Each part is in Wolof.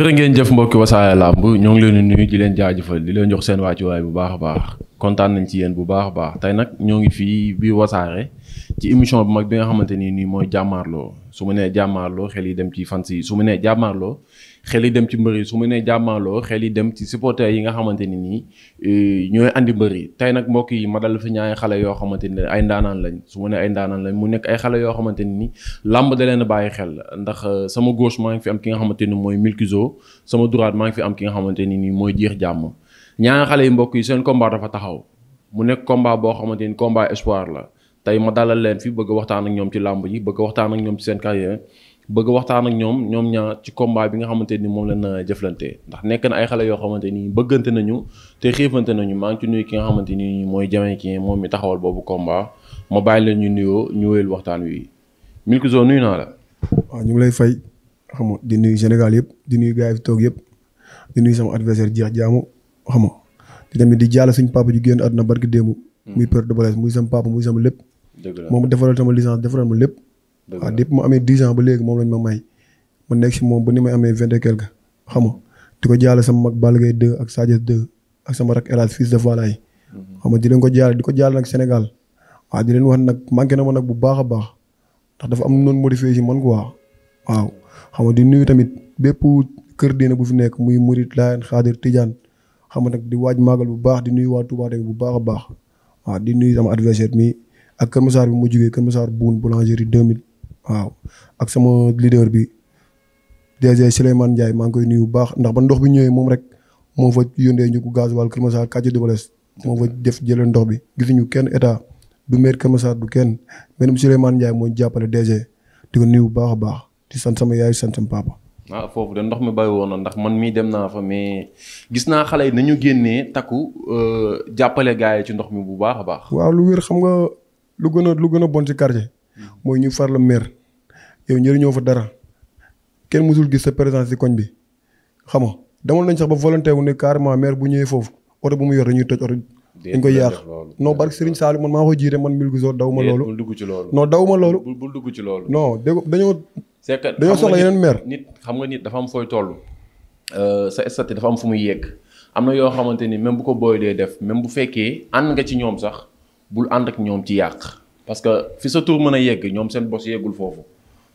jërë ngeen jëf mbokki wasaare làmb ñoo ngi leen di nuyu di leen jaajëfal di leen jox seen wàccuwaay bu baax baax kontaan nañ ci yéen bu baax a baax tey nag ñoo ngi fii biir wasaare ci émission bu mag bi nga xamante ni nii mooy jàmmaarloo su ma nee jàmmaarloo xel yi dem ci fan si su ma nee jàmmaarloo xel yi dem ci mbër yi su ma nee jàmmaarloo xel yi dem ci supporter yi nga xamante ni nii eh, ñooy andi mbër yi tey nag mbokk yi ma dal fi ñaari xale yoo xamante ni ay ndaanaan lañ su ma nee ay ndaanaan mu nekk ay xale yoo xamante ni nii làmb da a bàyyi xel ndax eh, sama gauche maa ngi ki nga xamante ni mooy Milkzo sama droite maa ngi fi am ki nga xamante ni nii mooy Jeex Jàmm ñaari xale yi mbokk yi seen combat dafa taxaw mu nekk combat boo xamante ni combat espoir la tey ma dalal leen fi bëgg waxtaan ak ñoom ci làmb yi bëgg waxtaan ak ñoom ci seen carrière bëgg waxtaan ak ñoom ñoom ñaar ci combat bi nga xamante ni moom leen euh, na jëflante ndax nekk na ay xale yoo xamante nii bëggante nañu te xiifante nañu maa ngi ci nuyu ki nga xamante ni mooy Jamaïcain moom mi taxawal boobu combat ma bàyyi la ñu nuyoo ñu wéyal waxtaan wi Milkzo nuyu naa la. ñu ngi lay fay xam nga di nuyu Sénégal yëpp di nuyu gars yi toog yëpp di nuyu sama adversaire jeex jaamu xam nga te tamit di jàll suñ papa ju génn àdduna barki démb. Hmm. muy père de muy sama papa muy sama lépp. moom defaral sama licence defaral ma lépp. waa ah, depuis mu amee dix ans ba léegi moom lañ ma may ma nekk si moom ba ni may amee vingt et xam nga di ko jaal sama mag Balla Gaye ak Sadio 2 ak sama rek El Hadj de Falla yi mhm. xam nga di leen ko jaale di ko jaale nag Sénégal waaw ah, di leen wax nag manqué na ma nag bu baax a baax ndax dafa am noonu modifié si man ko quoi waaw xam nga di nuyu tamit bépp kër diine bu fi nekk muy Murit Laayeen Xaadir Tijaan xam nga nag di waaj màggal bu baax di nuyu waa Touba rek bu baax a baax waaw di nuyu sama adversaire mi ak Kër Massar bi mu jugee Kër Massar Boune boulangerie 2000 waaw ak sama leader bi DG Souleymane Ndiaye maa ngi koy nuyu bu baax ndax ba ndox bi ñëwee moom rek moo fa yóndee ñu ko gaz wàll Kër Masar kàcce moo fa def jëlee ndox bi gisuñu kenn état du meer Kër Masar du kenn benn Souleymane Ndiaye moo jàppale DG di ko nuyu bu baax a baax di sant sama yaay sant sama papa. ah foofu de ndox mi bàyyi woon na ndax man mii dem naa fa mais gis naa xale yi nañu génnee takku euh, jàppale gars yi ci ndox mi bu baax a baax. waaw lu wér xam nga lu gën a lu gën a bon ci quartier. Hmm. mooy ñu far la yow njëriñoo fa dara kenn mësul gis sa présence si koñ bi xam nga demoon nañ sax ba volonté wu ne carrément maire bu ñëwee foofu oto bu mu yor dañuy toj oto dañ koy yàq non barke Serigne Saliou man maa ko jiite man mil gisoo daw ma loolu bul dugg ci loolu non daw ma loolu bul dugg ci loolu non dañoo c'est que dañoo soxla yeneen nit xam nga nit dafa am fooy toll euh, sa statut dafa am fu muy yegg am na yoo xamante ni même bu ko booy dee def même bu fekkee ànd nga ci ñoom sax bul ànd ak ñoom ci yàq parce que fi sa tur mën a yegg ñoom seen bos yeggul foofu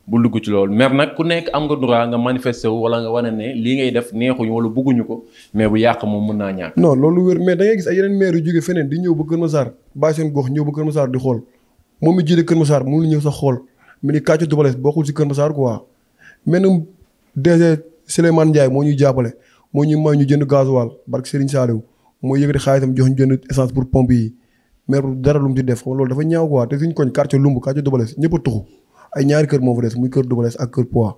bul dugg ci loolu mer nag ku nekk am nga droit nga manifester wu wala nga wane ne lii ngay def neexuñu wala bëgguñu ko mais bu yàq moom mën naa ñàkk. non loolu wér mais da ngay gis ay yeneen maire yu jóge feneen di ñëw ba Kër Massar bàyyi seen gox ñëw ba Kër Massar di xool moom mi jiite Kër Massar mënul ñëw sax xool mi ni kàccu Double Less bokkul ci Kër Massar quoi. mais nag DG Souleymane Ndiaye moo ñuy jàppale moo ñuy may ñu jënd gasoil barke Serigne Saliou moo yëkkati xaalisam jox ñu jënd essence pour pompe yi maire dara lu mu ci def loolu dafa ñaaw quoi te suñ koñ quartier Lumb quartier ay ñaari kër moo fa des muy kër Double Less ak kër Poids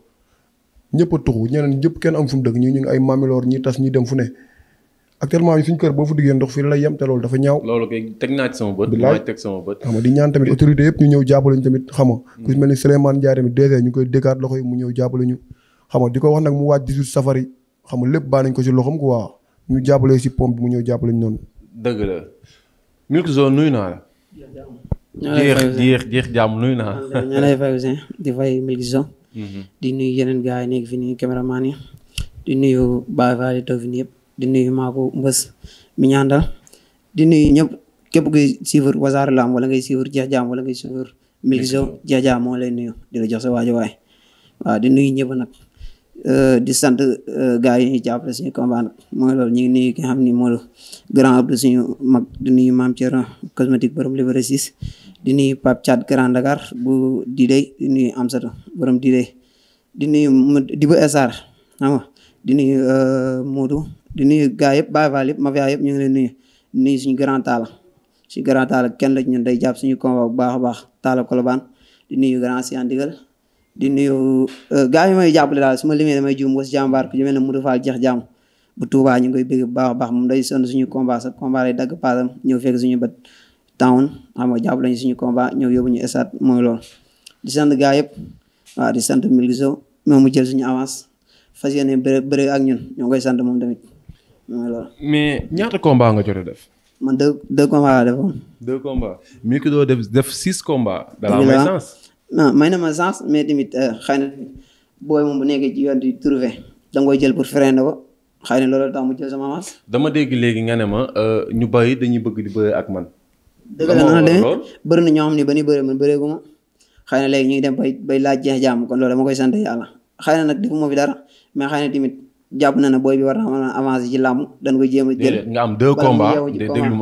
ñëpp a tuxu ñeneen ñëpp kenn am fu mu dëkk ñu ñu ay mamiloor ñi tas ñi dem fu ne actuellement ñu kër boo fa diggee ndox fii la yem te loolu dafa ñaaw. loolu kay teg naa ci di ñaan tamit autorité yëpp ñu ñëw jàppale ñu tamit xam nga. ku ci mel ni Souleymane Ndiaye tamit DG ñu koy mu ñëw jàppale ñu. xam nga di ko wax nag mu waaj 18 safari xam nga lépp baa nañ ko ci loxoom quoi ñu jàppale si pompe bi mu ñëw jàppale ñu noonu. dëgg la naa la. jeex jeex jeex fay di nuyu yeneen gars yi nekk fi nii di nuyu Baye Fall di nuyu Maako Mbës mi ñaandal di képp kuy suivre Wassare Lamb wala ngay suivre Jeex Jàmm lay nuyu di waajo waay di nuyu ñëpp nag. Euh, di sant euh, gars yi ñuy jàppale suñu combat nag mooy loolu ñu ngi nuyu ki nga xam ni maam Thierno cosmétique borom Liberté 6 di nuyu Pape Thiat Grand Dakar bu Didey di nuyu Amsatu borom Didey di nuyu Dibu Essar xam nga di nuyu euh, Modou di nuyu gaa yëpp baa Fall yëpp mafia yëpp ñu ngi leen nuyu di suñu grand taala suñu grand taala kenn la ci ñun day jàpp suñu combat bu baax baax taala kolobaan di nuyu grand Sian di nuyu euh, gaa yi may jàppale daal su ma limee damay juum was jàmbaar ku jëmee ne Modou Fall jeex jàmm bu tuubaa ñu ngi koy bëgg bu baax baax moom day son suñu combat sa combat lay dagg paasam ñëw fekk suñu bët town xam nga jàpp ñu suñu combat ñëw yóbbu ñu stade mooy loolu. di sant gars yëpp waaw di sant Milki Sow moom mu jël suñu avance fas yéene bëre bëre ak ñun ñoo koy sant moom tamit mooy loolu. mais ñaata combat nga jot a def. man deux deux combats laa defoon. def def six combats. dala may sens mais tamit euh, xëy na booy moom bu nekkee ci yoon di trouvé da nga koy jël pour freiner ko. xëy na loolu tax mu jël sama avance. dama dégg léegi nga ne ma euh, ñu bari dañuy bëgg di bëre ak man. dëgg la noonu la demee na ñoo xam ne ba ni bëri man bëreegu ma xëy na léegi ñu ngi dem bay bay laaj jeex jàmm kon loolu dama koy sant yàlla xëy na nag defu ma fi dara mais xëy na tamit jàpp na ne booy bi war na mën a dañ koy jéem nga am deux combats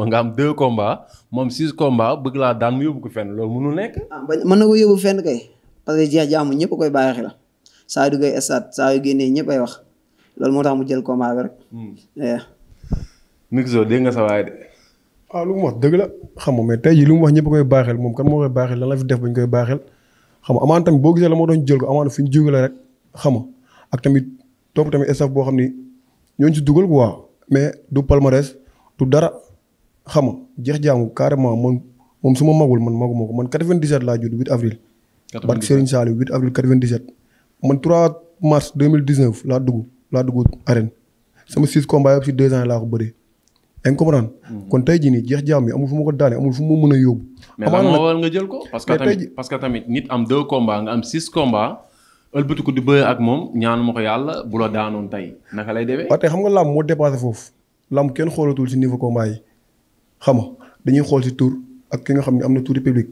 nga am deux combats moom six combats bëgg laa daan mu yóbbu ko fenn loolu mënu nekk ah, mën na ko yóbbu fenn kay parce que jeex jàmm ñëpp koy bàyyi xel saa yu duggee stade saa yu génnee ñëpp ay wax loolu moo tax mu jël combat bi rek. Hmm. nga sa waaw ah, lu mu wax dëgg la xam nga mais tey jii lu mu wax ñëpp koy baaxel moom kan moo koy baaxel lan la fi def bañ koy baaxel xam amaan tamit boo gisee la moo doon jël ko amaan fi ñu ak tamit boo xam ni ñooñu si dugal quoi mais du palmarès du dara xam nga jeex jaamu carrément man moom su ma magul man maguma ko man laa judd 8 avril. laa dugg yaa ngi comprendre mm-hmm. kon tey jii nii jeex jaam yi amul fu ma ko daane amul fu ma mën a yóbbu. mais lan nga jël ko. parce que tamit parce que tamit nit am deux combats nga am six combats. ëlbatiku di bëre ak moom ñaanu ma ko yàlla bu la daanoon tey naka lay demee. waaw tey xam nga làmb moo dépassé foofu làmb kenn xoolatul si niveau combat yi xam nga dañuy xool si tur ak ki nga xam ne am na tur public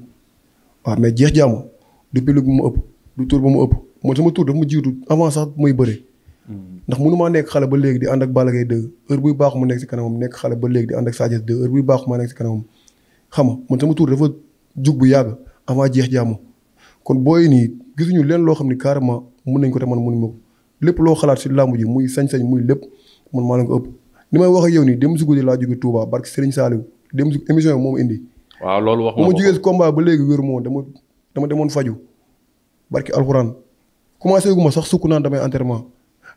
waaw mais jeex jaamu du public bu mu ëpp du tur ba mu ëpp man sama tur dafa ma jiitu avant sax muy bëre. ndax mënu maa nekk xale ba léegi di ànd ak Balla Gaye 2 buy baax mu nekk si kanamam nekk xale ba léegi di ànd ak Sa Thiès 2 heure buy baax ma nekk si kanamam xam man sama tur dafa jug bu yàgg amaa jeex jaamu kon booy nii gisuñu leen loo xam ni carrément mun nañ ko te man mënu ma ko lépp loo xalaat si làmb ji muy sañ-sañ muy lépp man maa la ko ëpp ni may waxee yow nii dem si guddi laa jóge Touba barke Serigne Saliou dem si émission moom indi waaw loolu ma ma ba léegi wéru moom dama dama demoon faju barke alxuraan commencé gu ma sax sukk naan damay enterrement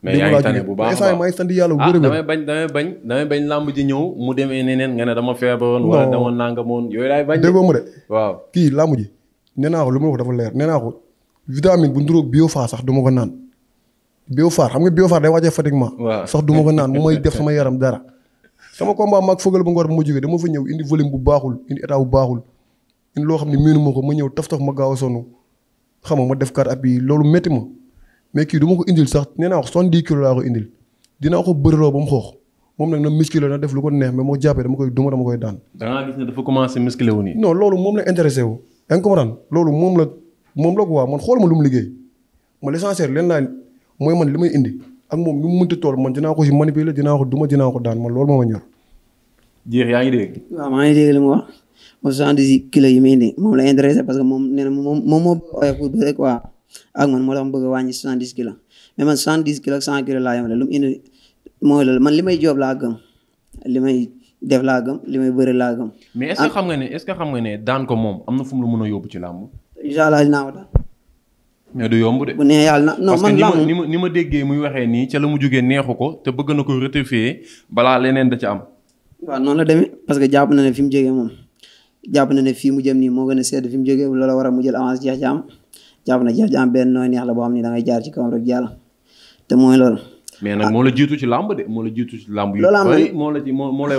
mais yaa ngi bu baax a baax sant yàlla bu bëri ah, damay bañ damay bañ damay bañ ñëw mu demee neneen nga ne dama feebaroon wala dama nangamoon yooyu laay bañ déggoo ma de waaw kii làmb ji nee ko lu ma wax dafa leer nee naa ko vitamine bu nduróog biofa sax du ma ko naan biofaar xam nga biofaar day wàccee Fatick ma sax du ma ko naan mu may def sama yaram dara sama combat maag fëgal bu ngor bu ma jógee dama fa ñëw indi volume bu baaxul indi état bu baaxul indi loo xam ne miinu ko ma ñëw taf taf ma gaaw a sonn xam nga ma def kaat ab yi loolu métti ma mais kii du ma ko indil sax nee wax soixante-dix kilos laa ko indil dinaa ko bëreloo ba mu xoox moom nag na musculé na def lu ko neex mais moo jàppee dama koy duma dama koy daan. da ngaa gis ne dafa commencé musculé loolu moom moom la moom la ko waa man mu liggéey man l'essentiel leen mooy man li may indi ak moom lu mu tool man dinaa ko si manipuler dinaa ko duma dinaa ko daan loolu moo ma ñor. jeex yaa ngi dégg. waaw maa ngi dégg li mu wax soixante-dix kilos yi muy indi moom la intéressé parce que moom nee na moom moom moo. ak man moo tax ma bëgg a wàññi soixante-dix kilos mais man soixante-dix kilos ak cent kilos man li may joob laa gëm li may def laa gëm li may bëri laa gëm. mais est nga ne est-ce que xam nga ne daan moom am na fu mu la mën yóbbu ci làmb. incha allah dinaa ko du yomb de. bu nee yàlla na non man làmb parce ni ma ni ma déggee muy waxee nii ca la mu jógee neexu ko te bëgg na ko rectifier balaa leneen da ca am. waaw noonu la demee parce que jàpp na ne fi mu jógee moom jàpp na ne fii mu jëm nii moo gën a sedd fi mu jógee loola war a mu jël avance jeex am jàpp na jeex jaam benn nooy la boo xam ne da ngay jaar ci kawam rek jàll te mooy loolu. mais nag moo la jiitu ci làmb de moo la jiitu ci làmb yu bari moo la ci moo moo lay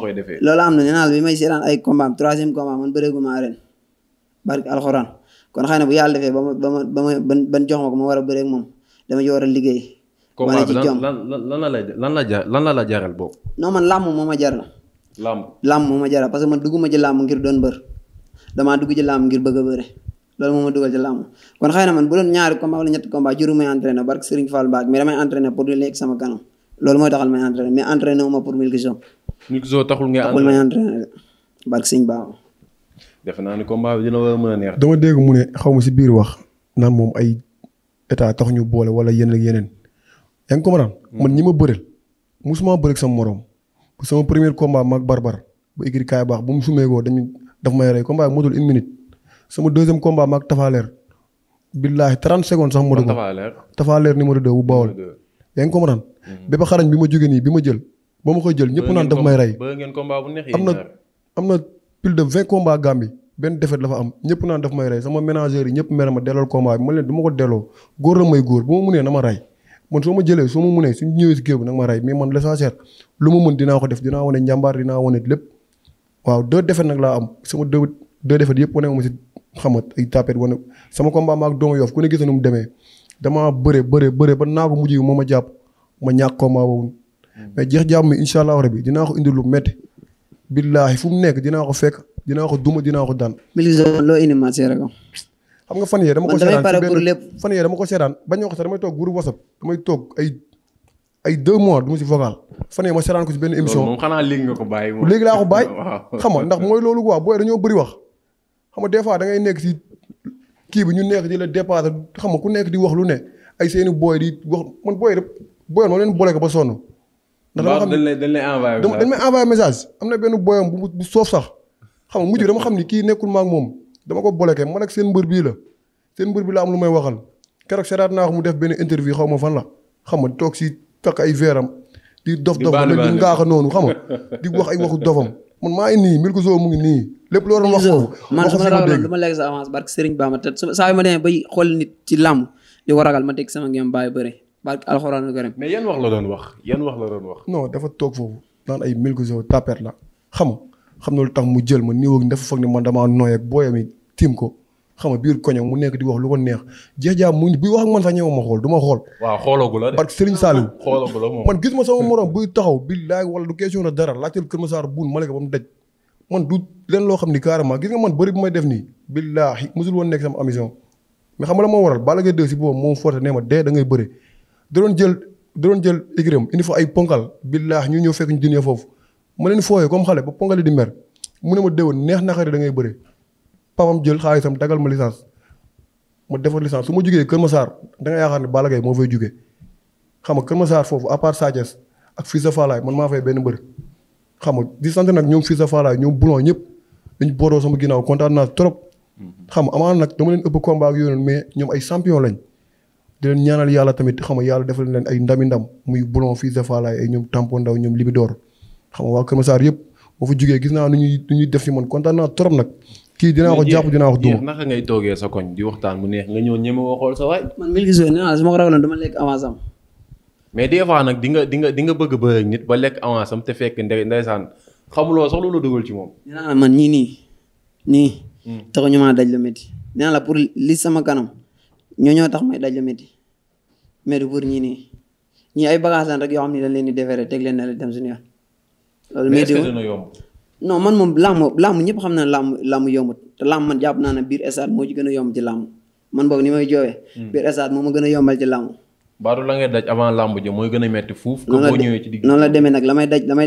koy defee. loolu na nee ay combat troisième combat man bëreeguma kon xëy bu yàlla defee ba ma ba ba ma ban jox ma ko ma war a bëreeg moom dama ci war a liggéey. wane ci jom lan lan lan la ja lan la la jaral boobu. non man làmb moo ma jaral. làmb làmb moo ma jaral parce que man dugguma ci làmb ngir doon bër damaa dugg ci làmb ngir bëgg a bëre. loolu moo ma dugal ci làmb kon xëy na man bu doon ñaari combat wala ñetti combat juru may entraîné barke Serigne Fall Mbacké mais damay entraîné pour di ma pour Milki Zo. naa ni combat bi dina mën a neex. dama dégg mu ne xaw ma si biir wax naan moom ay état tax boole wala yeneen yeneen yaa ngi ko mën hmm. man ñi ma bëreel musuma bëreel sama morom sama premier combat maag barbar ba écrit kaay baax bu mu sumee koo dañu daf may rey combat bi motul une minute. sama deuxième combat maag Tafaleer. billaahi 30 secondes sax moo doon. Tafaleer Tafaleer numéro 2 bu Bawol. yaa ngi comprendre. Mm-hmm. bépp xarañ bi ma jógee nii bi ma jël. ba ma ko jël ñëpp naan daf may rey. am na na plus de 20 benn défaite la am ñëpp naan daf may rey sama ménageurs yi ñëpp mer ma delloo combat bi ma leen du ma ko delloo góor la may góor bu ma mënee na ma rey. man soo ma jëlee soo ma mënee suñ ñëwee si géew bi nag ma rey mais man l'essentiel lu ma mën dinaa ko def dinaa wane njàmbaar dinaa wane lépp waaw deux défaites nag laa am sama deux deux défaites yëpp wane ma si xam nga ay tapet wane sama combat ma ak doomu yoof ku ne gis na nu mu demee damaa bëre bëre bëre ba naa ko mujj moo ma jàpp ma ñàkk combat boobu mais jeex jàmm mi incha allah rabi dinaa ko indi lu métti. billaahi fu mu nekk dinaa ko fekk dinaa ko duma dinaa ko daan. Milizor loo indi ma seere ko. xam nga fan yee dama ko seeraan man damay pare pour lépp fan yee dama ko seeraan bañ a wax sax damay toog groupe WhatsApp damay toog ay ay deux mois du ma si vocal. fan yee ma seeraan ko si benn émission. loolu moom xanaa léegi nga ko bàyyi. léegi laa ko bàyyi xam nga ndax mooy loolu quoi booy dañoo bëri wax. xam nga des fois da ngay nekk si kii bi ñu nekk di la dépassé xam ma ku nekk di wax lu ne ay seeni booy di wax man booy rek booyoon moo leen boole ba sonn. ndax dama xam ne dañ lay envoyé message dañ may message am na benn booyam bu bu soof sax xam nga mujj dama xam ni kii nekkul ma ak moom dama ko boole man ak seen mbër bii la seen mbër bi la am lu may waxal keroog seetaat naa ko mu def benn interview xaw ma fan la xam nga toog si takk ay veeram di dof dof di ngaaxa noonu xam nga di wax ay waxu dofam man maa ngi nii Milka Sow mu ngi nii lépp loo doon wax foofu. man su ma ragaloon du ma lekk sa avance barke Serigne Ba ma saa yu ma demee bay xool nit ci làmb di ko ragal ma teg sama ngeen bàyyi bëre barke alxuraan karim mais yan wax la doon wax yan wax la doon wax. non dafa toog foofu naan ay Milka Sow tapet la xam xam na lu tax mu jël ma nii woog dafa foog ne man damaa nooy ak booyam yi tiim ko xam nga biir koñom mu nekk di wax lu ko neex jeex jaam mu buy wax man sax ñëw ma xool du ma xool waaw xooloogu la de parce que Serigne Saliou xooloogu la moom man gis ma sama morom buy taxaw billaay wala du question na dara laajteel Kër ni carrément gis nga man bëri bu may def nii billaahi musul woon nekk sama ambition ma dee da doon jël da doon jël égrém fa ay ponkal billaahi ñu ñëw fekk ñu dine foofu ma leen fooyee comme xale ba ponkal di mer mu ne ma déwoon neex naqari da ngay bëre papam jël xaalisam dagal ma licence ma defar licence su ma jugee Kër Massar da nga yaakaar ne Balla Gaye moo fay jugee xam nga Kër Massar foofu à part Sa ak Fils de Falaye man maa fay benn mbër xam nga di sant nag ñoom Fils de Falaye ñoom Boulon ñëpp dañu booroo sama ginnaaw kontaan naa trop. xam nga amaana nag dama leen ëpp combat mais ñoom ay champion lañ di leen ñaanal yàlla tamit xam nga yàlla defal leen ay ndami ndam muy Boulon Fils de ñoom Tampo Ndaw ñoom Libidoor xam nga waa yëpp boo fa jugee gis naa nu ñuy nu ñuy def ci man kontaan naa trop nag kii dinaa ko jàpp dinaa ko duma naka ngay toogee sa koñ di waxtaan mu neex nga ñëw ñeme woo xool sa waay. man mil gisoo nee naa ah, su ma ko ragaloon dama lekk avance mais des fois nag di nga di nga di nga bëgg a bëri lekk avance am te fekk ndey ndeysaan xamuloo sax loolu la dugal ci moom. nee naa la nii nii. Hmm. taxu ñu maa daj la métti. nee la pour li sama kanam ñoo ñoo tax may daj la métti mais pour ñii nii ñii ay bagages rek yoo xam ne dañ leen di defaree teg leen na leen dem suñu yoon. loolu métti non man moom làmb làmb ñëpp xam na ne làmb làmb yombut te làmb man jàpp naa biir estade moo ci gën a yomb ci làmb man boog ni may joowee hmm. biir estade moo ma gën a la ngay daj avant làmb ji mooy gën a metti fuuf ko boo ñëwee ci digg noonu la demee nag la may daj la may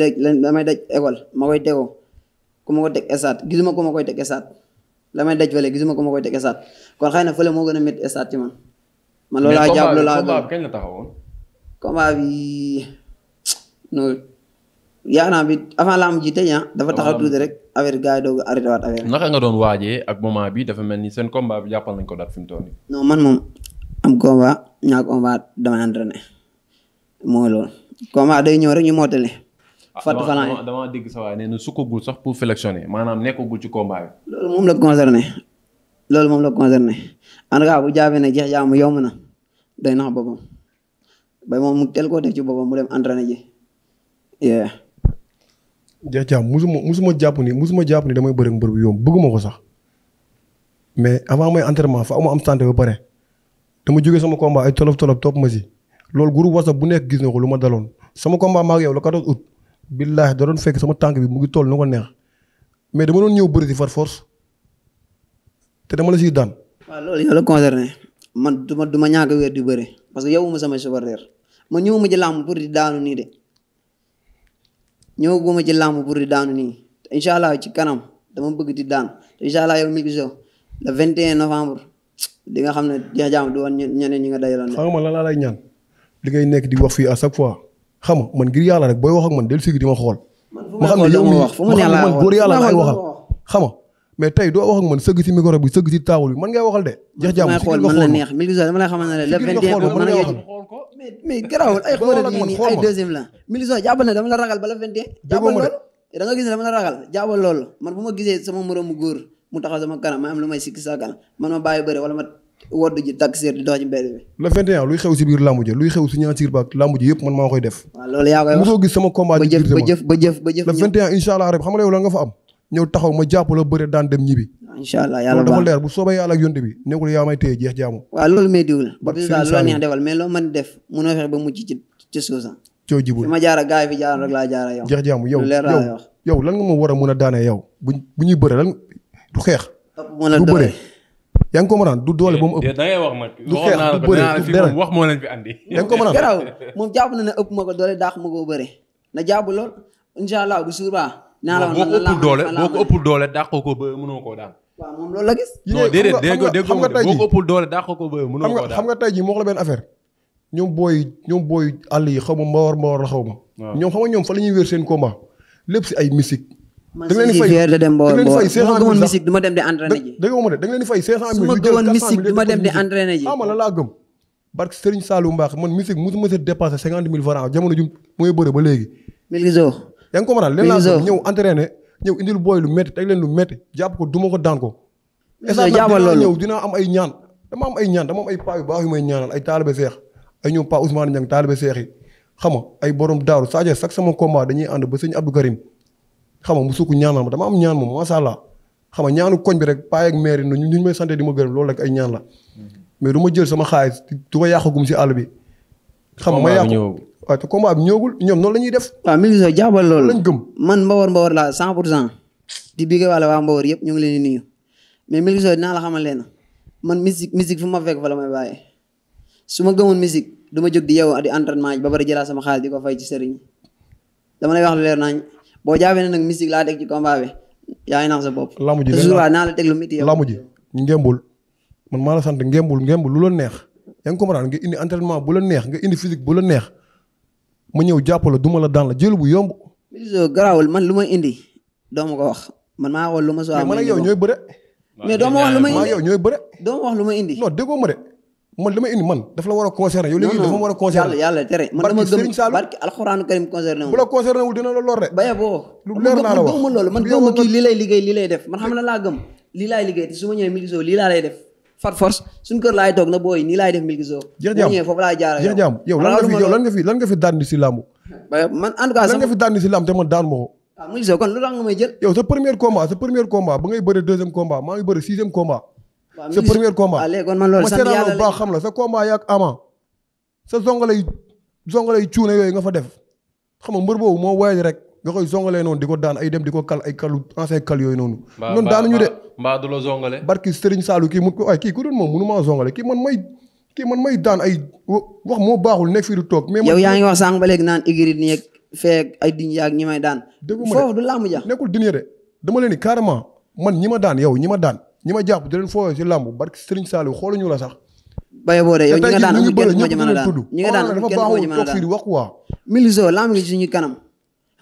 daj la ma koy tegoo ku ma ko teg estade gisuma ko ma koy teg estade la may daj fële gisuma ko ma koy teg estade kon xëy na fële moo gën a metti estade ci man man loolu laa jàpp loolu laa combat bi kañ la taxawoon noonu yaakaar naa bi avant laa am jiite dafa taxaw tuuti rek affaire gars yi doog a arrêté waat affaire naka nga doon waajee ak moment bi dafa mel ni seen combat bi jàppal nañ ko daal fi mu toll nii. non moom am combat ñaar combat day ñëw rek ñu mottali. fàttali fan la damaa dégg sa sax pour sélectionner maanaam nekkagul ci combat bi. loolu moom la concerné loolu moom la concerné en bu jaabee ne jeex jaamu yomb na day nax boppam bay moom mu tel koo def ci boppam mu dem entraîné ji. Jeex Caam musuma musuma jàpp ni musuma jàpp ni damay bëri mbër bu yomb bëgguma ko sax mais avant may entrement fa ama am sante ba pare dama jóge sama combat ay tolof tolof topp ma si loolu groupe WhatsApp bu nekk gis na ko lu ma daloon sama combat maag yow la 14 août billaahi da doon fekk sama tànk bi mu ngi toll na ko neex mais dama doon ñëw bëri si far force te dama la siy daan. waa lool yow la concerné man du ma du ma ñàkk a wér di bëri parce que yow ma samay ma ñëw ma ci làmb pour di nii de. ñëwaguma ci làmb pour di daanu nii incha allah ci kanam dama bëgg di daanu incha allah yow Milky Sow le 21 novembre di nga xam ne Jeex Jaam du ñi nga dajaloon. xam nga man lan laa di wax fii à chaque fois xam nga man ngir yàlla rek booy wax ak man del fii di ma xool. ma xam ne yow wax fu ma neexee man góor yàlla ay waxal xam nga mais tey doo wax ak man sëgg ci bi sëgg ci taawul bi man ngay waxal de. jeex jàmm si xool man la neex Milky Sow dama lay xamal ne le 21 man ngay waxal mais mais garaawul ay xoolal yi nii ay deuxième la. Milson jàppal ne dama la ragal bala fente jàppal loolu man bu ma gisee sama moroomu góor mu taxaw sama kanam ma am lu may sikki sa man ma bàyyi bëre wala ma wodd ji taxir di dox ci mbedd bi. le 21 luy xew si biir làmb luy xew si ñaar ba làmb ji man maa koy def. waaw loolu yaa koy wax mosoo gis sama combat. ba jëf ba jëf ba jëf ba jëf le 21 incha allah rek xam nga yow la nga fa am ñëw taxaw ma jàpp la bëre daan dem ñibbi. incha allah yàlla dafa leer bu soobee yàlla ak yonte bi nekkul yaa may téye jeex jaamu. waaw loolu may ma jaar gaa yi fi jaaroon rek laa jaar yow. jeex jaamu yow yow yow lan ma war a mën a daanee yow bu ñuy bëre lan du xeex. du bëre yaa ngi ko mën du doole ba mu ëpp. da ngay wax ma du xeex du bëre du dara wax moo leen a garaaw moom na ne ëpp ma ko doole daax ma ko bëre na jàpp naa la boo ko ëppul doole boo ko ëppul doole dàqoo ko ba mënoo koo daan. waaw moom loolu la gis. non déedéet doole dàqoo ko ba mënoo koo daan. xam nga tey jii moo la benn affaire ñoom booy àll yi xaw ma mbaawar mbaawar la xaw ma. ñoom xam nga ñoom fa la wér seen combat lépp si ay musique. da leen fay da nga leen di fay 500 ma dem di entraîné ji. dégg nga moom de da nga leen di fay 500 ah, mille. ma bëggoon musique du ma dem di entraîné mooy bëre ba léegi. yaa ngi ko mën a leen laa ñëw entraîné ñëw indil booy lu métti teg leen lu métti jàpp ko duma ko daan ko estat dinaa ñëw dinaa am ay ñaan dama am ay ñaan dama ay paa yu baax yu may ñaanal ay taalibe seex ay ñoom paa Ousmane Niang taalibe seex yi xam nga ay borom daaru Sadio sax sama combat dañuy ànd ba sëñ Abdou Karim xam nga mu sukk ñaanal ma dama am ñaan moom macha allah xam nga ñaanu koñ bi rek paa yeeg maire yi ñu ñu may santé di ma gërëm loolu rek ay ñaan la mm-hmm. mais du ma jël sama xaalis du ma yàqagum si àll bi xam nga ma yàqu waaye te combat bi ñoom noonu la ñuy def. waaw Milisa jàppal loolu lañ gëm. man Mbawar Mbawar laa 100 pour cent di bigge wala waa Mbawar yëpp ñu ngi leen nii nuyu mais Milisa naa la xamal leen man musique musique fu ma fekk fa la may bàyyee su ma gëmoon musique du ma jóg di yow di ba pare jëlaat sama xaalis di ko fay ci sëriñ dama wax lu leer boo jaafee ne nag musique laa teg ci combat bi yaa la teg lu métti yow. lamu ji ngembul man maa la sant ngembul ngembul lu la neex yaa ngi comprendre nga indi entraînement bu la neex nga indi physique bu la neex ma ñëw jàppale duma la daan la jël bu yomb. Milzo garaawul man lu ma indi doo ma ko wax man maa wax lu ma. soo man ak yow ñooy bëre. de man li ma indi man daf la war a concerner yow léegi dafa war a concerner yàlla yàlla tere man dama gëm barki la concerné wul dina la lor de ba yeboo lu leer naa la wax man kii lii lay liggéey lii lay def man xam na laa gëm lii laay liggéey te su ma ñëwee Milzo lii laa lay def par force suñ kër laay toog na booy nii laay def milki zoo. jërëjëf bu ñëwee yow lan nga fi lan nga fi daan si si làmb te man daan ma ah, yow sa premier combat sa premier combat ba ngay bëre deuxième combat maa ngi bëre sixième combat. sa premier combat waaw ah, léegi kon man baax xam la sa combat yaak ama sa zongale yi cuune yooyu nga fa def xam nga mbër boobu moo wayal rek nga koy zongalee noonu di ko daan ay dem di ko kal ay kalu ancien kal yooyu noonu. noonu daanuñu de. barki Serigne Saliou kii mu ay kii ku doon moom mënu maa zongale kii man may daan ay wax moo baaxul nekk fii du toog. mais ba léegi naan igri nii ak fee ay diñ yaag ñi may daan. foofu du làmb ja nekkul diñ de dama leen man ñi ma daan yow ñi ma daan ñi ma jàpp di leen fooyoo si làmb barki Serigne Saliou xooluñu sax. baye boo de ku ma ci mën a suñu kanam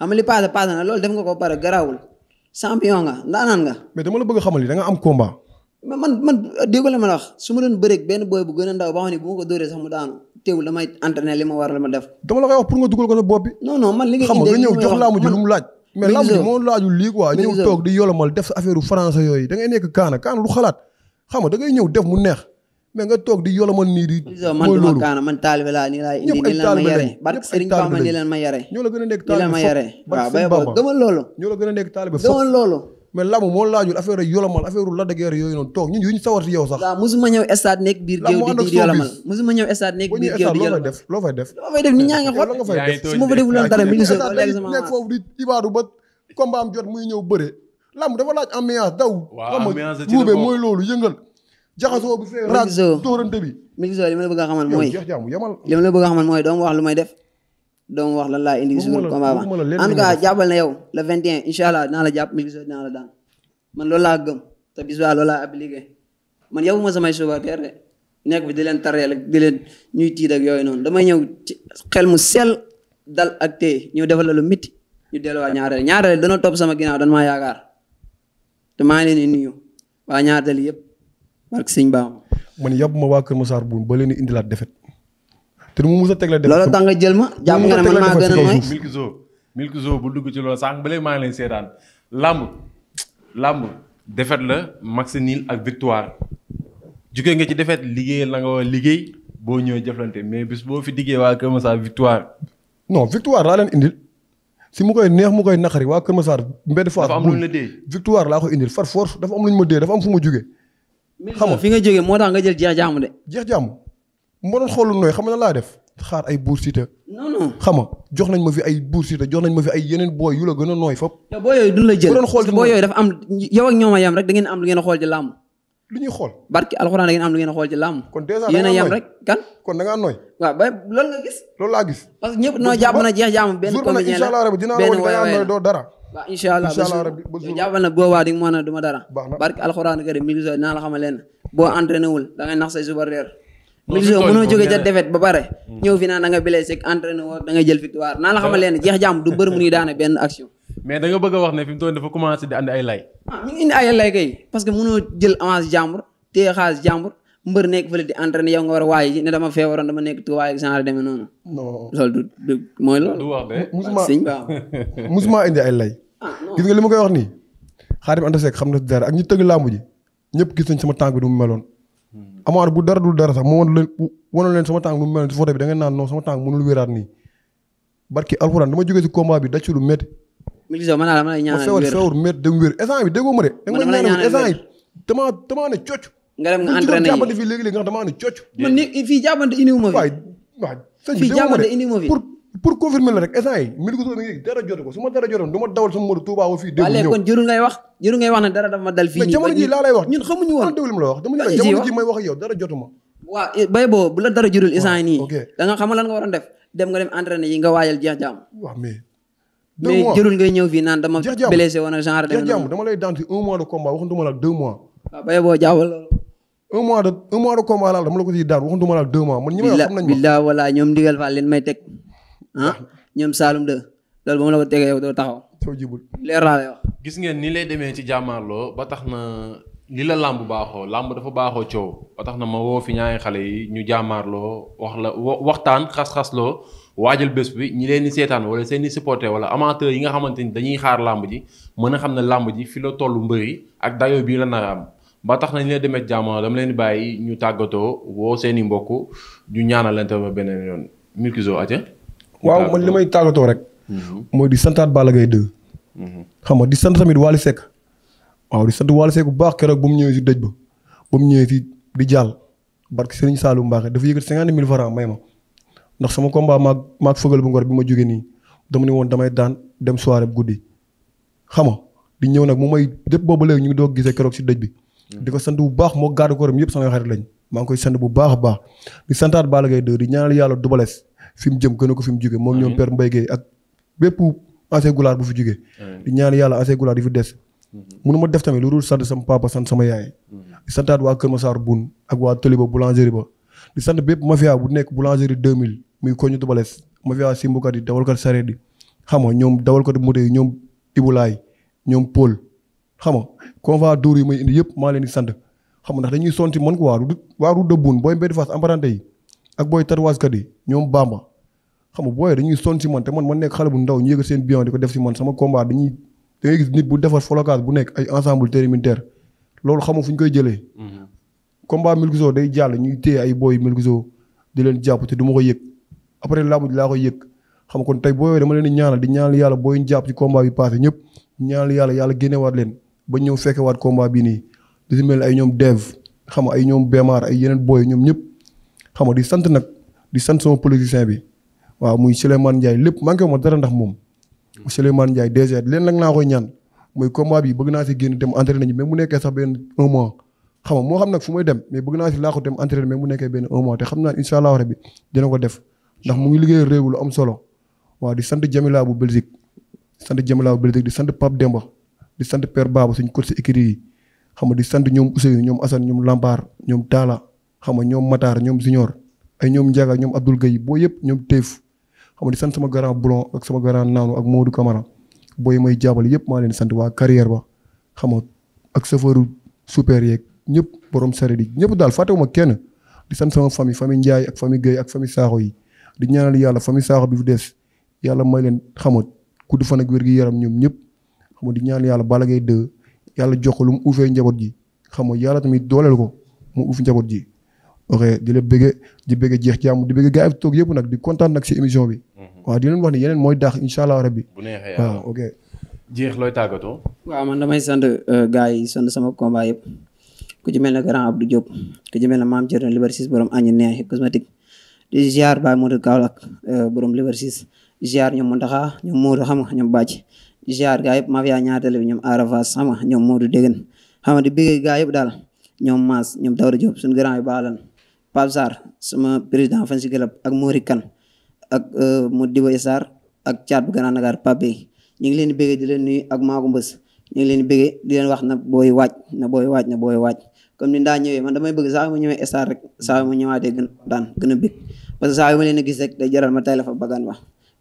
xam nga li paase paase na loolu def nga ko pare garaawul champion nga ndaanaan nga. mais dama la bëgg a xamal ni da nga am combat. man man dégg la ma la wax su ma doon bëreeg benn booy bu gën a ndaw ba xam ne bu ma ko dóoree sax def. dama la koy wax pour nga dugal ko sa affaire français yooyu ñëw def mu neex mais nga toog di yolomal nii di. mooy loolu man kaana man taalibe laa nii laa indi nii leen ma yare barke Sëriñ Bamba nii leen ma yare ñoo la gën a nekk taalibe ma yare waaw bay boo gëmal loolu ñoo la gën a nekk taalibe gëmal loolu mais lamu moo laajul affaire a yolomal affaire u la dëgër yooyu noonu toog ñun yuñu sawar si yow sax waaw musuma ñëw stade nekk biir géew di di yolomal musuma ñëw stade nekk biir géew di yolomal def loo fay def loo fay def nit ñaa ngi xool su ma fa defuloon dara mi ngi so nekk foofu di ibaadu ba combat am jot muy ñëw bëre lam dafa laaj ambiance daw xam nga ruube mooy loolu yëngal jaxasoo bu fee raag tóorante bi Milkzo la a xamal mooy li ma la bëgg a xamal mooy doomu wax lu may def doomu wax lan laa indi suñu combat ba en yow le 21 incha allah dinaa la jàpp Milkzo dinaa la daan man loolu laa gëm te bis baa loolu laa appliqué man yow ma samay subateer nekk bi di leen tareel ak di leen ñuy tiit ak noonu damay ñëw xel mu sel dal ak tey ñëw defal la lu ñu delluwaat ñaareel ñaareel danoo topp sama ginnaaw dan maa yaakaar te maa ngi leen di nuyu waa ñaareel yëpp barke sëñ Bamba. man yàpp ma waa Kër Masar buum ba leen di indilaat defet te du mu mus a tegle defet loolu tax nga jël ma jàmm nga ne man maa gën a nooy Milkzo Milkzo bu dugg ci loolu sànq ba léegi maa ngi lay seetaan làmb làmb defet la max nil ak victoire jugee nga ci defet liggéey la nga war liggéey boo ñëwee jëflante mais bis boo fi diggee waa Kër Masar victoire. non victoire laa leen indil si mu koy neex mu koy naqari waa Kër Masar mbedd Fass dafa am lu ñu la dee victoire laa ko indil far force dafa am lu ñu ma dee dafa am fu ma jugee xam nga fi nga jógee moo tax nga jël jeex jàmm de. jeex jàmm moo doon xoolu nooy xam nga laa def xaar ay buur sita. non non xam nga yu la gën a nooy fop. te jël parce que booy yooyu dafa am a yem rek da ngeen am lu ngeen a xool ci làmb. lu ñuy xool barki alxuraan a kon dèjà nooy. waaw ba loolu nga gis. loolu laa gis. parce que ñëpp noo na jeex jàmm benn comédien la benn woy woy la waaw incha allah incha boo rabbi yow jàppal nag boobaa a duma dara. baax na barke alxuraan karim mi ngi sooy la xamal leen boo entraîné wul da ngay nax say supérieur. Milso mënoo jóge ca defet ba pare mm. ñëw fi naan da nga blessé entraîné nga jël victoire naa la leen jeex jàmm du mbër mu ñuy daane benn action mais da nga a wax ne fi mu toll dafa commencé di andi ay lay ah indi ay lay kay parce que mënoo jël avance jàmbur téye xaalis jàmbur mbër nekk fële di entraîné yow nga war a waaye ji ne dama feebaroon dama nekk tuwaay genre demee noonu loolu du du mooy loolu musuma indi ay lay Ah, gis nga li ma koy wax nii Xaadim Anta Seck xam na dara ak ñu tëgg làmb ji ñëpp gis nañ sama tànk bi du meloon hmm. amaar bu dara dul dara sax mu wan leen wanoon leen sama tànk du mu da ngeen naan non nii barki alxuraan dama jógee si combat bi daj lu métti Milisa man la ma lay ñaanal wér feewar métti dem wér instant bi déggoo ma da nga ma ne cocc nga dem nga entraîné fii léegi-léegi nga fi waay fii jàppante indiwu ma fi pour confirmer la rek instant yi mil ko soobee dara jotu ko su ma dara jotoon du ma dawal sama moto Touba wa fii dégg ñëw kon jërul ngay wax jërul dama ne jamono ji may wax yow eh, bay boo bu la lay danti un mois de combat waxantuma la deux mois waaw daan waxantuma la deux mois man ñi may ñoom ndigal fa leen may teg ah ñoom Saalum de loolu ba mu la ko tegee yow doo taxaw. leer laa lay wax. gis ngeen ni lay demee ci jàmmaarloo ba tax na li la làmb baaxoo làmb dafa baaxoo coow ba tax na ma woo fi ñaari xale yi ñu jàmmaarloo wax la waxtaan xas-xasloo waajal bés bi ñi leen di seetaan wala seen i supporter wala amateur yi nga xamante ni dañuy xaar làmb ji mën a xam ne làmb ji fi la tollu mbëri ak dayoo bii la nar am ba tax na ñu leen demee jàmmaarloo dama leen di bàyyi ñu tàggatoo woo seen mbokk ñu ñaanalante ba beneen yoon Milkzo atia. waaw man li may tàggatoo rek. Mm-hmm. mooy di santaat Balla Gaye 2. Mm-hmm. xam nga di sant tamit Wally Seck. waaw di sant Wally Seck bu baax keroog ba mu ñëwee si dëj ba ba ñëwee si di jàll barke Serigne Saliou Mbacké dafa yëkkati cinquante mille francs ma ndax sama combat maag maag fëgal bu ngor bi ma jógee nii dama woon damay daan dem soirée guddi xam nga di ñëw nag mu may lépp boobu léegi ñu ngi doog gisee keroog si dëj bi. Mm-hmm. di ko sant bu baax moo gàddu ko rek yëpp sama maa ngi koy sant bu baax a baax di santaat Balla Gaye 2 di ñaanal yàlla dubales fi mu jëm gën a ko fi mu jóge moom ñoom per Mbaye Gueye ak bépp ancien gulaar bu fi jóge di ñaan yàlla ancien gulaar yi fi des mënu mhm. ma def tamit lu dul sant sama papa sant sama yaay mhm. di santaat waa Kër Massar ak waa Taliba boulangerie ba di sant bépp mafia bu nekk boulangerie 2000 muy koñu dubales mafia simbukat yi dawalkat sareet yi xam nga ñoom dawalkat moto yi ñoom ibulaay ñoom Paul xam nga convoi dóor yi may indi yëpp maa leen di sant xam nga ndax dañuy sonti man ko waa waa route de Boun booy mbedd Fass apparenté yi ak booy tatuwaaskat yi ñoom bamba xam nga booy dañuy sonn si man te man ma nekk xale bu ndaw ñu yëgal seen bion di ko def si man sama combat dañuy da ngay gis nit bu defar flocage bu nekk ay ensemble télémilitaire loolu xamoo fu ñu koy jëlee mhm. combat Milkzo day jàll ñuy téye ay booy Milkzo di leen jàpp te du ma ko yëg après laa laa ko yëg xam kon tey booy dama leen di di ñaanal yàlla booy ñu jàpp ci combat bi passé ñëpp ñaanal yàlla yàlla waat leen ba ñëw waat combat bii nii di si mel ay ñoom dev xam nga ay ñoom bémaar ay yeneen booy ñoom ñëpp xam nga di sant nag di sant sama politicien bi waaw muy Souleymane Ndiaye lépp manqué ma dara ndax moom Souleymane Ndiaye DG leen nag naa koy ñaan mooy combat bi bëgg naa si génn dem entraîné nañu même mu nekkee sax benn un mois xam nga moo xam may dem mais bëgg naa si laa ko dem entraîné nekkee benn un mois te xam naa incha allahu rabbi dina def ndax mu ngi liggéey réew lu am solo waaw di sant Jamila bu Belgique sant Jamila bu Belgique di sant Pape Demba di sant per Baba suñ coach si écurie yi xam nga di sant ñoom Ousseynou ñoom Assane ñoom Lampar ñoom taala xam nga ñoom Matar ñoom Junior ay ñoom Ndiaga ñoom Abdoul Gaye boo yëpp ñoom Teef xam nga di sant sama grand Boulon ak sama grand Naanu ak du Camara booy may jàppale yëpp maa leen sant waa carrière ba xam nga ak chauffeur super yeeg ñëpp borom sareet yi ñëpp daal fàttewuma kenn di sant sama famille famille Ndiaye ak famille Guèye ak famille Sakho yi di ñaanal yàlla famille Sakho bi fu des yàlla may leen xam nga gudd fan ak wér gi yaram ñoom ñëpp xam di ñaanal yàlla Balla Gaye yàlla jox lu mu uufee njaboot ji xam nga yàlla tamit dooleel ko mu uuf ji ok di la bëgge di bëgge jeex jàmm di bëgge gaa yi bi. Mhm. waaw di leen wax ni yeneen mooy daax incha allah rabbi. bu neexee waaw ok. jeex looy tàggatoo. waaw man damay sant euh, gars yi sant sama combat yëpp ne grand Abdou Diop ku ci mel ne maam Thierno Libersis borom añu neex cosmétique di ziar Baye Modou Kaolack euh, borom Libersis ziar ñoom Mountakha ñoom Modou xam nga ñoom Bàcc ziar gars yëpp ñaatale bi ñoom Arafas xam ñoom Modou Degen xam nga di bëgg gars yëpp daal ñoom Maas ñoom Daouda Diop suñu grand yi baax Pape Sarr sama président fan si club ak moori Kane ak euh, Modibo Sarr ak Thiat bu Gannaaw Dakar Pape Bey ñu ngi leen di di leen nuyu ak Maako Mbës ñu ngi leen di di leen wax na booy waaj na booy waaj na booy waaj comme ni daa ñëwee man damay bëgg saa ñëwee Sarr rek saa ma daan gën a bëgg parce gis rek day jaral ma tay la fa bagaan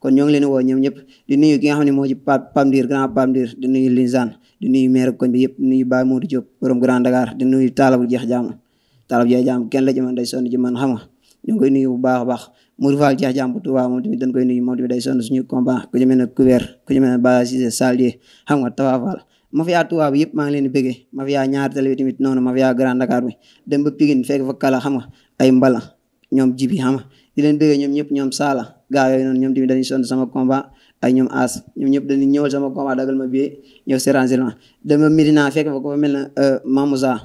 kon ñoo ngi leen woo ñoom ñëpp di nuyu ki nga xam ne moo ci Pam Ndiir grand Pam Ndiir di nuyu Linzane bi yëpp nuyu Baye Modou Diop borom di nuyu Talla jeex jaamu taalab jeex jaam kenn la ci man day sonn ci man xam nga ñu ngi koy nuyu bu baax a baax Mourou Fall jeex jaam bu Tuubaa moom tamit dañ koy nuyu moom tamit day sonn suñu combat ku ci mel ne couvert ku ci mel ne Bala Cissé Salier xam nga Tafa Fall mafia Tuubaa bi yëpp maa ngi leen di bëggee mafia ñaari télé bi tamit noonu mafia Grand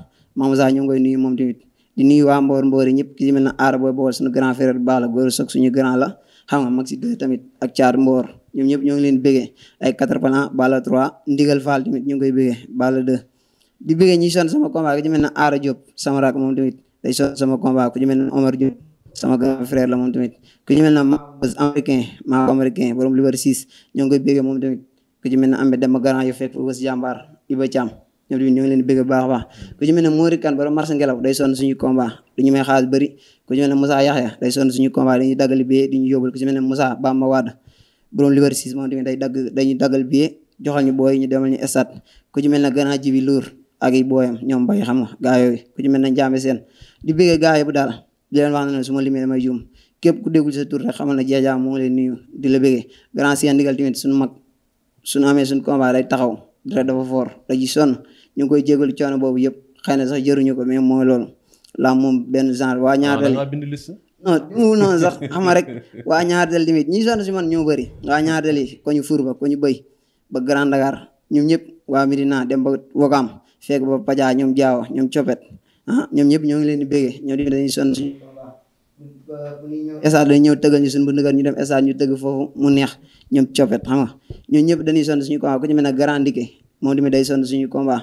ñoom koy nuyu moom tamit di nuyu waa mboor mboori ñëpp ki mel na aar booy bool suñu grand frère Bala góor soog suñu grand la xam nga mag tamit ak caar mboor ñoom ñëpp ñoo ngi leen bëggee ay quatre plan Bala 3 ndigal Fall tamit ñu ngi koy bëggee Bala 2 di bëggee ñi son sama combat ku ci mel na Aara Diop sama rak moom tamit day son sama combat ku ci mel na Omar Diop sama grand frère la moom tamit ku ci mel na Mabos américain Mabos américain borom Liberté 6 ñoo ngi koy bëggee moom tamit ku ci mel ñoom tamit leen di bëgg bu a baax ku ci mel ne Mori Kane borom marché ngelaw day sonn suñu combat du ñu may xaalis bëri ku ci mel ne Moussa Yaxya day sonn suñu combat dañuy daggal billet di ñu ku ci mel ne ñu booy ñu demal ku ci Gana Jibi Lour ak i booyam ñoom bay xam nga gaa yooyu ku ci mel ne Njambe Seen di bëgg daal di leen wax ne ma limee damay képp ku déggul sa tur rek xamal na jeejaa moo ngi leen nuyu di la bëggee Grand Seen ndigal tamit suñu mag suñu amee suñu combat day taxaw dara dafa fort da ci ñu ngi koy jégalu coono boobu yëpp xëy na sax jëruñu ko mais mooy loolu la moom benn genre waa ñaareel non non sax xama rek waa ñaareel limite ñi sonn si man ñoo bëri waa ñaar yi ko ñu Fourba ko ñu Bëy ba Grand Dakar ñoom ñëpp waa Medina dem ba Wakaam fekk ba Paja ñoom Jaawa ñoom Copet ah ñoom ñëpp ñoo ngi leen di bégee ñoo di dañuy sonn si estade dañu ñëw tëggal ñu suñu bu ndëgër ñu dem estade ñu tëgg foofu mu neex ñoom copet xam nga ñëpp dañuy sonn suñu combat ko ñu mel a Grand Ndiké moom tamit day sonn suñu combat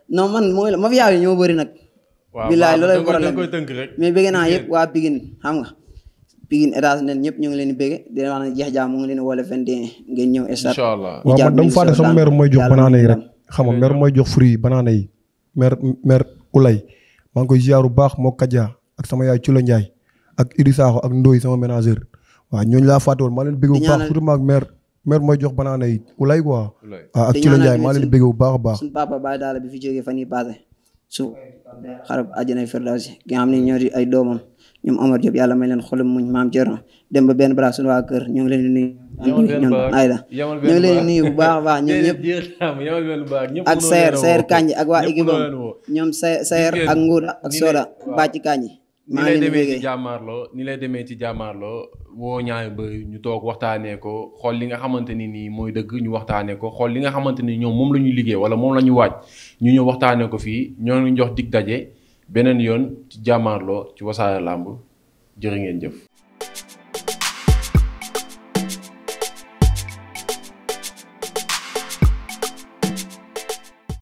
non man mooy la mafia yi ñoo bëri nag. waaw bilaay loolay problème koy tënk rek. mais bëgg naa yëpp waa Pikine xam nga. Pikine États-Unis ñëpp ñu ngi leen di bëgg di wax ne jeex jaam mu mooy jox banaana yi rek. xam nga mooy jox fruit yi banaana yi. mère mère Ulay maa koy ziaru baax moo Kadia ak sama yaay Cula Ndiaye ak Idi Sakho ak Ndoy sama ménageur waaw ñooñu laa fàtte woon maa leen bëgg bu baax surtout maag mère mer mooy jox banaana yi wulay quoi. ah ak Thilo Ndiaye maa leen di bëgg bu baax a baax. suñu papa Baye Daala bi fi jógee fan yii su xarab àjjana firdaws gi nga xam ne ñoo di ay doomam ñoom Omar Diop yàlla may leen xolum muñ maam Thierno dem ba benn bras suñu waa kër ñu ngi leen di nuyu. yamal benn leen di nuyu bu baax a baax ñoom ak Sayer Sayer Kanji ak waa équipe am ñoom Sayer ak Nguur ak Soda bàcc Kanji. ni lay deme ci jàmmaarloo ni lay demee ci jàmmaarloo woo ñaari mbër ñu toog waxtaanee ko xool li nga xamante ni nii mooy dëgg ñu waxtaanee ko xool li nga xamante ni ñoom moom la ñu liggéey wala moom la ñu waaj ñu ñëw waxtaanee ko fii ñoo ngi jox dig daje beneen yoon ci jàmmaarloo ci wasaare làmb jërë ngeen jëf.